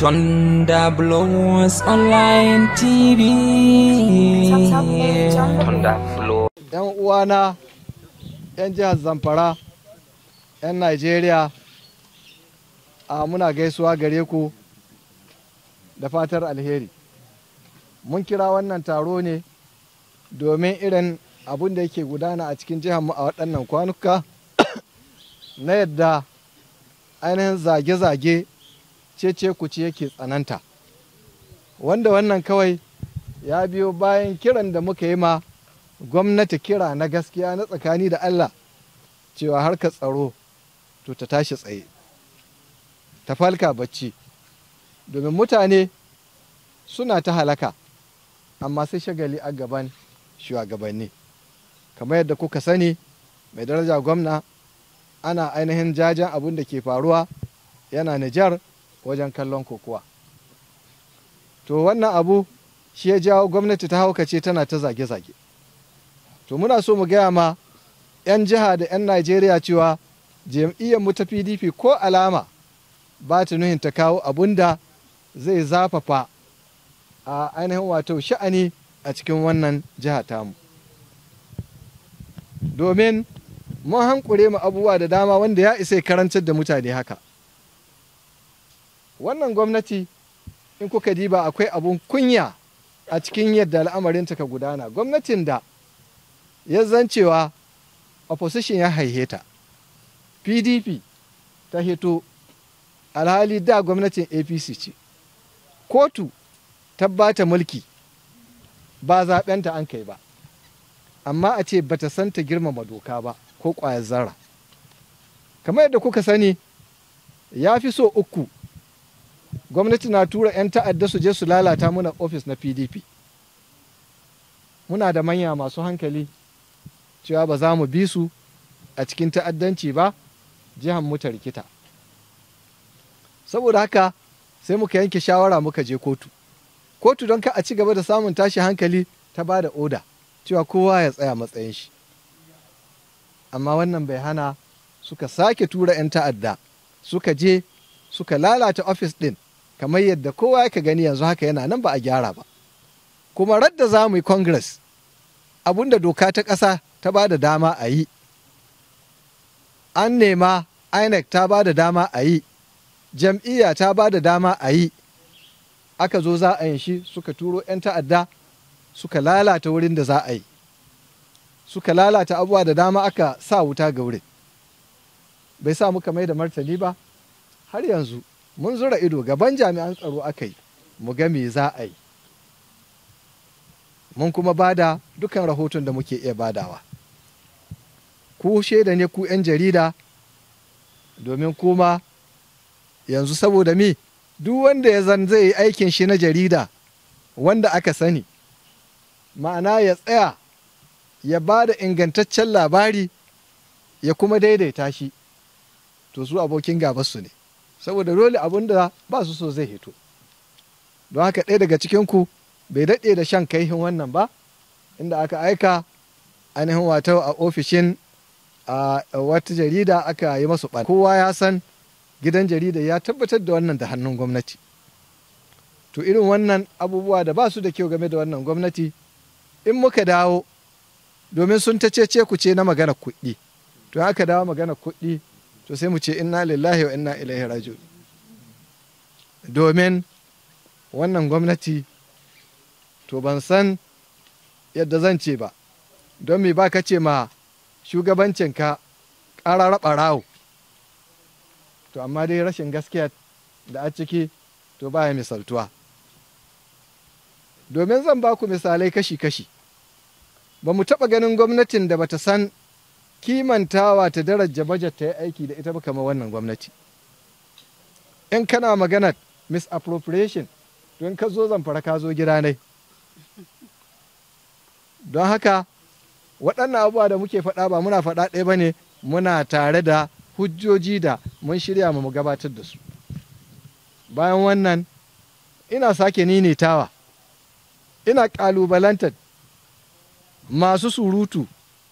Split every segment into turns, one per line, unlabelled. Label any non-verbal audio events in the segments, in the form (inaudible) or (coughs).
Thunder Blows Online TV. Thunder Blows. ‘Yan uwana, ‘yan jihar Zamfara, ‘yan Najeriya, a muna gaisuwa gare ku da fatar alheri. Mun kira wannan taro ne domin irin abun da yake gudana a cikin mu a waɗannan kwanuka (coughs) na yadda ainihin zage-zage cece ce yake tsananta wanda wannan kawai ya biyo bayan kiran da muka yi ma gwamnati kira na gaskiya na tsakani da allah cewa harka tsaro to ta tashi tsaye ta falka bacci domin mutane suna ta halaka amma sai shagali a gaban shugabanni kamar yadda kuka sani mai daraja gwamna ana ainihin jajen abin da ke faruwa yana nijar wajen kallon kokowa to wannan abu shi ya jawo gwamnati ta haukace tana ta zage-zage to muna so mu gaya ma 'yan jiha da 'yan najeriya cewa jam'iyyar mu ta pdp ko alama ba ta nuhin ta kawo abun da zai zafafa a ainihin wato sha'ani a cikin wannan jiha tamu domin mun hankure mu abubuwa da dama wanda ya isa karantar da mutane haka wannan gwamnati in kuka diba akwai abun kunya a cikin yadda ta ka gudana gwamnatin da ya zancewa opposition ya haihe ta pdp ta hito alhali da gwamnatin apc ce kotu tabbata mulki ba zaɓenta an kai ba amma a ce bata san ta girmama doka ba ko ƙwayar zara kamar yadda kuka sani ya fi so uku gwamnati na tura 'yan ta'adda su je su lalata muna ofis na pdp muna da manya masu hankali cewa ba za mu bi su a cikin ta'addanci ba jihan mu ta rikita saboda haka sai muka yanke shawara muka je kotu kotu don ka a ci gaba da samun tashi hankali ta ba da oda cewa kowa ya tsaya matsayin shi amma wannan bai hana suka sake tura 'yan ta'adda suka je suka lalata ofis ɗin kamar yadda kowa ka gani yanzu haka yana nan ba a gyara ba kuma radda za mu yi congress da doka ta ƙasa ta ba da dama a yi an nema inec ta ba da dama a yi jam'iyya ta ba da dama a yi aka zo za a yin suka turo 'yan ta'adda suka lalata wurin da za a yi suka lalata abubuwa da dama aka sa wuta ga wurin bai sa muka mai da martani ba har yanzu mun zura ido gaban jami'an tsaro aka yi mu ga me za a yi mun kuma bada dukan rahoton da muke iya badawa ku shaida ne ku 'yan jarida domin kuma yanzu saboda me duk wanda ya zan zai yi aikin shi na jarida wanda aka sani ma'ana ya tsaya ya ba da ingantaccen labari ya kuma daidaita shi to su abokin gaba su ne saboda dole abin da ba su so zai hito don haka ɗaya daga cikinku bai daɗe da shan kaihin wannan ba inda aka aika ainihin wato a ofishin a wata jarida aka yi masu ɓan kowa ya san gidan jarida ya tabbatar da wannan da hannun gwamnati to irin wannan abubuwa da ba su da kyau game da wannan gwamnati in muka dawo domin sun ta ce ku ce na magana kuɗi to haka dawo magana kuɗi to sai mu ce inna lillahi wa inna ilaihi raji'un domin wannan gwamnati to ban san yadda zan ce ba don me ba ka ce ma shugabancinka ƙarara ɓarawo to amma dai rashin gaskiya da a ciki to ba ya misaltuwa domin zan ba ku misalai kashi-kashi ba mu taɓa ganin gwamnatin da bata san kimantawa ta daraja bajet ta yi aiki da ita kamar wannan gwamnati in kana maganar misappropriation don ka zo zamfara ka zo gida ne don haka waɗannan abubuwa da muke faɗa ba muna faɗa ɗaya ba ne muna tare da hujjoji da mun shirya mu gabatar da su bayan wannan ina sake ninitawa ina ƙalubalantar masu surutu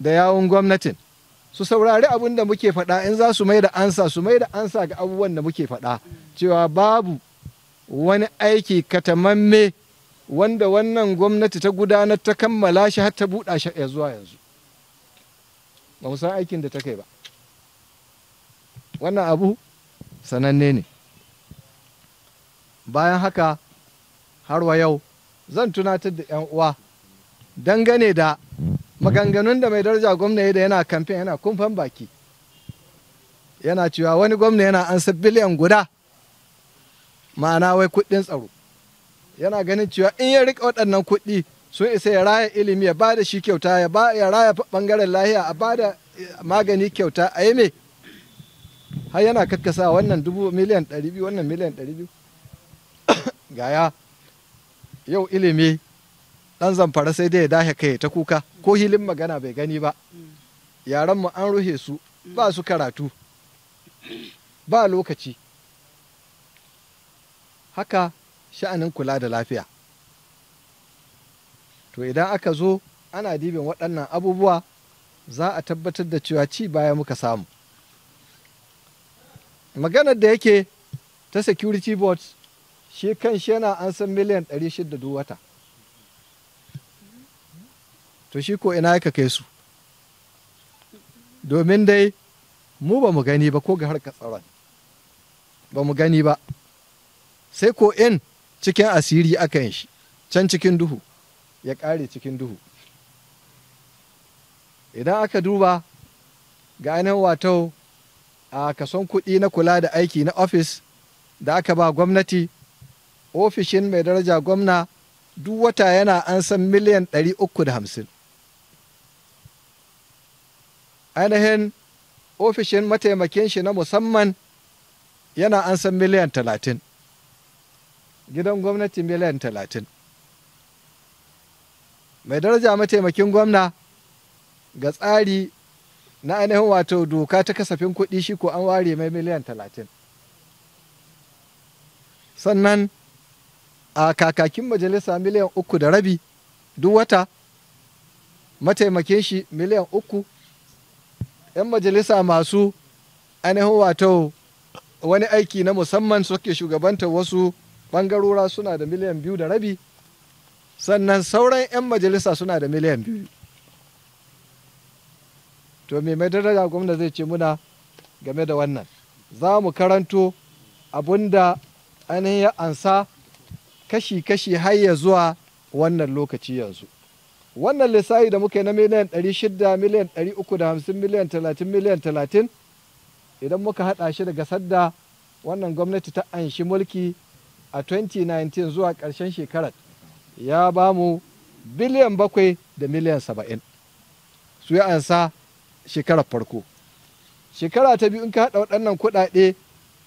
da yawon gwamnatin su saurari abin da muke faɗa in za su mai da ansa su mai da ansa ga abubuwan da muke faɗa cewa babu wani aiki katamamme wanda wannan gwamnati ta gudanar ta kammala shi har ta buɗa shi ya zuwa yanzu ba mu san aikin da ta kai ba wannan abu sananne ne bayan haka har wa yau zan tunatar da 'yan uwa dangane da maganganun da mai daraja gwamna ya da yana kamfen yana kumfan baki yana cewa wani gwamna yana ansa biliyan guda ma'ana wai kuɗin tsaro yana ganin cewa in ya rika waɗannan kuɗi sun isa ya raya ilimi ya ba da shi kyauta ya ba ya raya bangaren lahiya a ba da eh, magani kyauta a yi me har yana kakkasa wannan dubu miliyan ɗari biyu wannan miliyan ɗari biyu (coughs) gaya yau ilimi ɗan zamfara sai dai ya dahe kai ta kuka ko hilin magana bai gani ba yaran mu an ruhe su ba su karatu ba lokaci haka sha'anin kula da lafiya to idan aka zo ana dibin waɗannan abubuwa za a tabbatar da cewa ci baya muka samu maganar da yake ta security board shi kan shi yana an san miliyan 600 duk wata to shi ko ina ka kai su domin dai mu ba mu gani ba ko ga harka tsaron ba mu gani ba sai ko in cikin asiri aka yin shi can cikin duhu ya ƙare cikin duhu idan aka duba ga ainihin wato a kason kuɗi na kula da aiki na ofis da aka ba gwamnati ofishin mai daraja gwamna duk wata yana an san miliyan 350 ainihin ofishin mataimakin shi na musamman yana an san miliyan talatin gidan gwamnati miliyan talatin mai daraja mataimakin gwamna ga tsari na ainihin wato doka ta kasafin kuɗi shi ko an ware mai miliyan talatin sannan a kakakin majalisa miliyan uku da rabi duk wata mataimakin shi miliyan uku 'yan majalisa masu ainihin wato wani aiki na musamman suke shugabanta wasu bangarora suna da miliyan biyu da rabi sannan sauran 'yan majalisa suna da miliyan biyu to me mai daraja gwamna zai ce muna game da wannan za mu karanto abinda ainihin ya ansa kashi-kashi har zuwa wannan lokaci yanzu wannan lissafi da muka yi na miliyan 600 miliyan 350 miliyan 30 miliyan 30 idan muka hada shi daga sadda wannan gwamnati ta anshi mulki a 2019 zuwa karshen shekarar ya ba mu biliyan bakwai da miliyan saba'in su yi ansa shekarar farko shekara ta biyu in ka haɗa waɗannan kuɗaɗe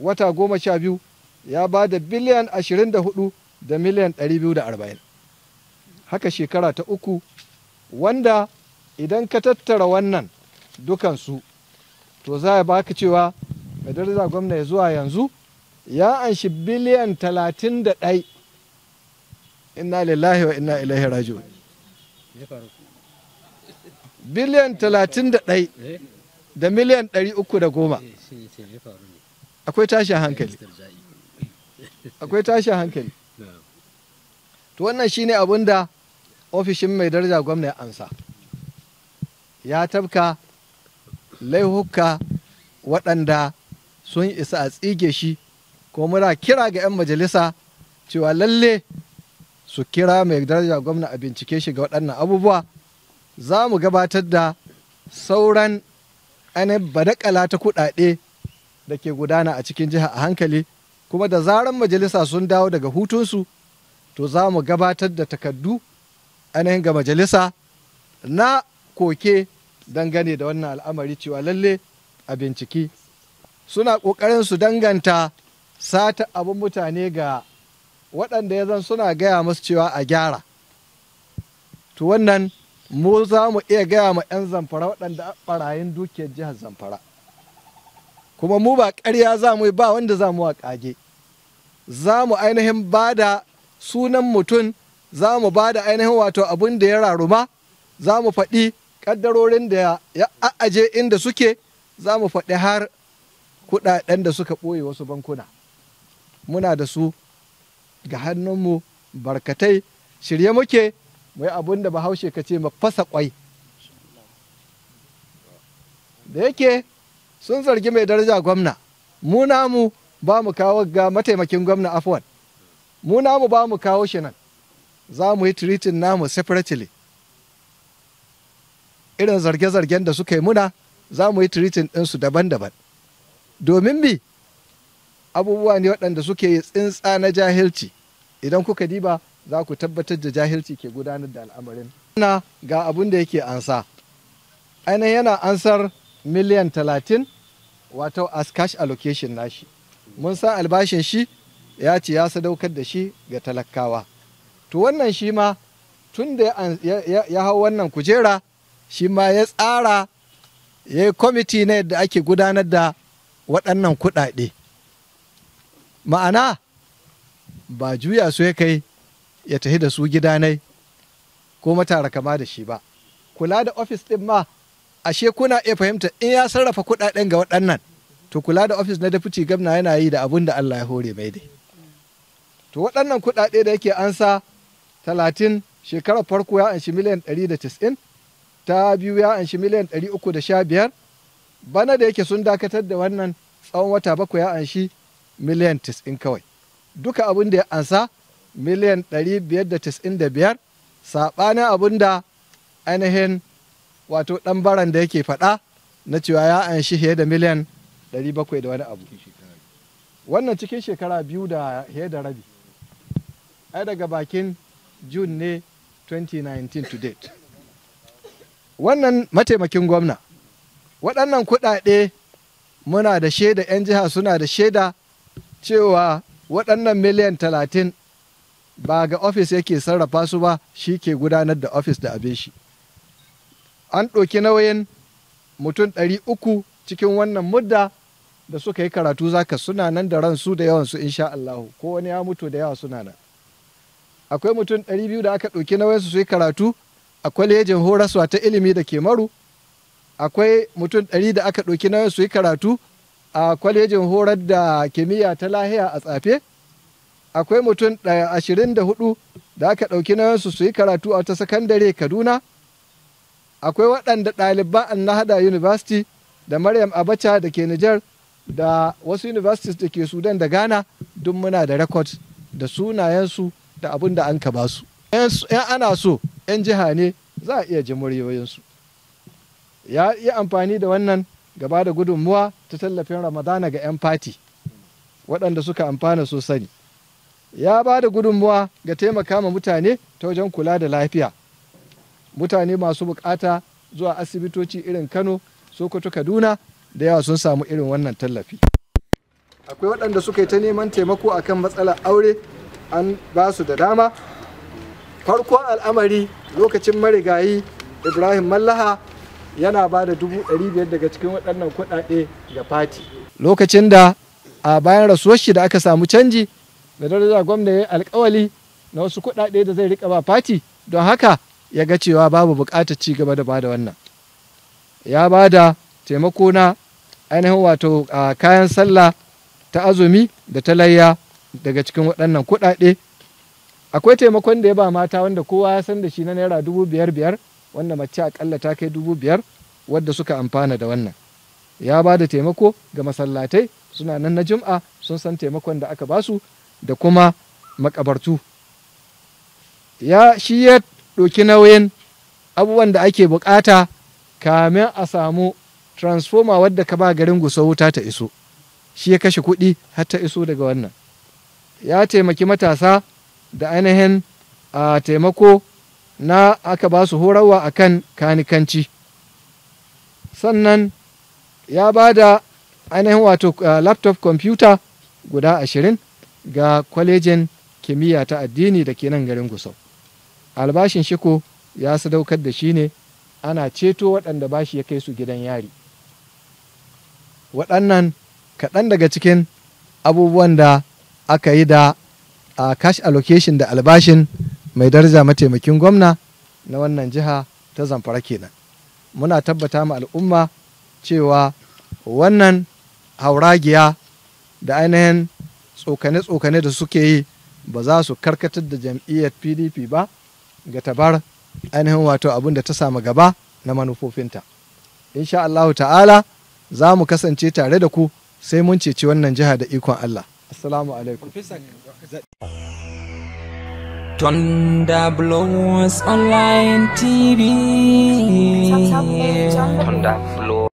wata goma sha biyu ya ba da biliyan ashirin da hudu da miliyan ɗari biyu da arba'in haka shekara ta uku wanda idan ka tattara wannan dukansu to za a baka cewa madarza gwamna ya zuwa yanzu ya anshi biliyan talatin da ɗai inna lillahi wa inna ilaihi raji'un biliyan talatin da ɗai da miliyan ɗari uku da goma akwai tashin hankali akwai tashin hankali to wannan shine abin da ofishin mai daraja gwamna ya ansa ya tabka laihuka waɗanda sun isa a tsige shi ko muna kira ga 'yan majalisa cewa lalle su kira mai daraja gwamna a bincike shi ga waɗannan abubuwa za mu gabatar da sauran ainihin badakala ta kuɗaɗe da ke gudana a cikin jiha a hankali kuma da zaran majalisa sun dawo daga hutunsu to za mu gabatar da takaddu ainihin ga majalisa na koke dangane da wannan al'amari cewa lalle a binciki suna ƙoƙarin su danganta sata abin mutane ga waɗanda ya zan suna gaya musu cewa a gyara to wannan mu za mu iya gaya ma 'yan zamfara waɗanda ɓarayin dukiyar jihar zamfara kuma mu ba ƙarya za mu yi ba wanda za mu wa ƙage za mu ainihin ba da sunan mutum za mu ba da ainihin wato abin da ya raruma za mu faɗi ƙaddarorin da ya a'aje inda suke za mu faɗi har kuɗaɗen da suka ɓoye wasu bankuna muna da su ga hannunmu barkatai shirye muke mu yi abin da bahaushe ka ce fasa kwai da yake sun zargi mai daraja gwamna mu ba mu kawo ga mataimakin gwamna afwan mu ba mu kawo shi nan za mu yi tiritin namu separately irin zarge-zargen da suka yi muna za mu yi tiritin ɗinsu daban-daban domin bi abubuwa ne waɗanda suke yi tsintsa na jahilci idan kuka diba za ku tabbatar da jahilci ke gudanar da al'amarin na ga abin da yake ansa ainihin yana ansar miliyan talatin wato as cash allocation nashi mun sa albashin shi ya ce ya sadaukar da shi ga talakawa to wannan shi ma tun da ya hau wannan kujera shi ma ya tsara ya yi kwamiti na yadda ake gudanar da waɗannan kuɗaɗe ma'ana ba juya su ya kai ya tafi da su gidanai ko matara kama da shi ba kula da ofis ɗin ma ashe kuna iya fahimta in ya sarrafa kuɗaɗen ga waɗannan to kula da ofis na dafuti gamna yana yi da abun da Allah ya hore mai dai to waɗannan kuɗaɗe da yake ansa talatin shekarar farko ya anshi miliyan ɗari da tis'in ta biyu ya anshi miliyan ɗari uku da sha biyar bana da yake sun dakatar da wannan tsawon wata bakwai ya anshi miliyan tis'in kawai duka abin da ya ansa miliyan ɗari biyar da tis'in da biyar saɓanin abin da ainihin wato ɗan baran da yake faɗa na cewa ya anshi fiye da miliyan ɗari bakwai da wani abu wannan cikin shekara biyu da fiye da rabi ai daga bakin june ne 2019 to date wannan mataimakin gwamna waɗannan kuɗaɗe muna da shaida 'yan jiha suna da shaida cewa waɗannan miliyan talatin ba ga ofis yake sarrafa su ba shi ke gudanar da ofis da abin shi an ɗauki nauyin mutum ɗari uku cikin wannan mudda da suka yi karatu zaka suna nan da ransu da yawansu insha Allahu ko wani ya mutu da yawa suna nan akwai mutum ɗari biyu da aka ɗauki nauyinsu su yi karatu a kwalejin horaswa ta ilimi da ke maru akwai mutum ɗari da aka ɗauki nawa su yi karatu a kwalejin horar da kimiyya ta lahiya a tsafe akwai mutum ashirin da hudu da aka ɗauki nauyinsu su yi karatu a ta sakandare kaduna akwai waɗanda ɗaliban na hada university da maryam abacha da ke nijar da wasu universities da ke sudan da ghana duk muna da record da sunayensu da abin da an ka ba su yan ana so yan jiha ne za a iya ji muryoyinsu ya yi amfani da wannan gaba da gudunmuwa ta tallafin ramadana ga 'yan fati waɗanda suka amfana sosai ya ba da gudunmuwa ga taimaka ma mutane ta wajen kula da lafiya mutane masu bukata zuwa asibitoci irin kano sokoto kaduna da yawa sun samu irin wannan tallafi akwai waɗanda suka yi ta neman taimako akan matsalar aure an ba su da dama farko al'amari lokacin marigayi ibrahim mallaha yana ba da dubu ɗari biyar daga cikin waɗannan kuɗaɗe ga fati lokacin da a bayan rasuwar shi da aka samu canji da daraja gwamna ya yi alkawali na wasu kuɗaɗe da zai riƙa ba fati don haka ya ga cewa babu buƙatar ci gaba da ba da wannan ya ba da taimako na ainihin wato kayan sallah ta azumi da ta layya daga cikin waɗannan kuɗaɗe akwai taimakon da ya ba mata wanda kowa ya san da shi na naira dubu biyar biyar wanda mace akalla ta kai dubu biyar wadda suka amfana da wannan ya ba da taimako ga masallatai suna nan na jim'a sun san taimakon da aka ba su da kuma makabartu ya shi ya ɗauki nauyin abubuwan da ake bukata kamin a samu transformer wadda ka ba garin gusa wuta ta iso shi ya kashe kuɗi har ta iso daga wannan ya taimaki matasa da ainihin a taimako na aka ba su horarwa a kan kanikanci sannan ya ba da ainihin wato laptop computer guda ashirin ga kwalejin kimiyya ta addini da ke nan garin gusau albashin shiko ya sadaukar da shi ne ana ceto waɗanda bashi ya kai su gidan yari waɗannan kaɗan daga cikin abubuwan da aka yi da a cash allocation da albashin mai daraja mataimakin gwamna na wannan jiha ta zamfara kenan muna tabbata ma al'umma cewa wannan hauragiya da ainihin tsokane-tsokane da suke yi ba za su karkatar da jam'iyyar pdp ba ga tabar ainihin wato abin da ta samu gaba na manufofinta insha allahu ta'ala za mu kasance tare da ku sai mun ceci wannan jiha da ikon allah Assalamu alaikum. Thunder Blows Online TV. Blows.